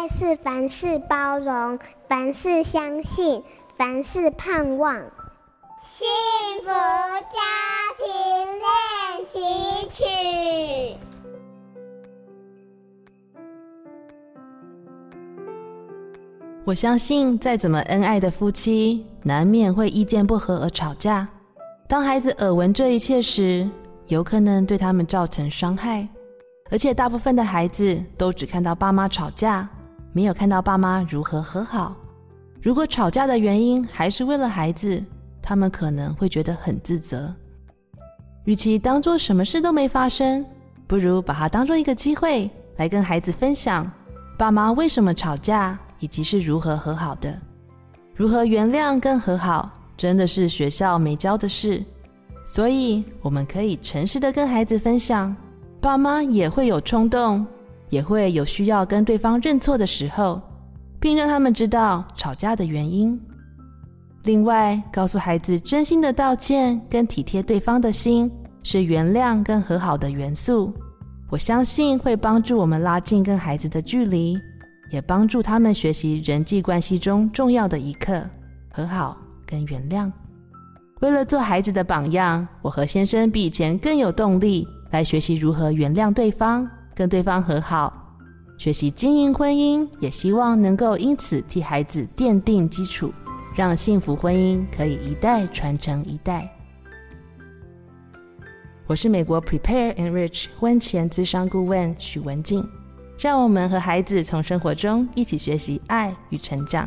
愛是凡事包容，凡事相信，凡事盼望。幸福家庭練習曲。我相信，再怎麼恩愛的夫妻，難免會意見不合而吵架。當孩子耳聞這一切時，有可能對他們造成傷害。而且，大部分的孩子都只看到爸媽吵架。沒有看到爸媽如何和好，如果吵架的原因還是為了孩子，他們可能會覺得很自責。與其當做什麼事都沒發生，不如把它當做一個機會，來跟孩子分享爸媽為什麼吵架，以及是如何和好的。如何原諒跟和好，真的是學校沒教的事。所以，我們可以誠實地跟孩子分享，爸媽也會有衝動。也會有需要跟對方認錯的時候，並讓他們知道吵架的原因。另外，告訴孩子真心的道歉跟體貼對方的心，是原諒跟和好的元素。我相信會幫助我們拉近跟孩子的距離，也幫助他們學習人際關係中重要的一課——和好跟原諒。為了做孩子的榜樣，我和先生比以前更有動力來學習如何原諒對方。跟對方和好，學習經營婚姻，也希望能夠因此替孩子奠定基礎，讓幸福婚姻可以一代傳承一代。我是美國 PREPARE/ENRICH 婚前諮商顧問許文靜，讓我們和孩子從生活中一起學習愛與成長。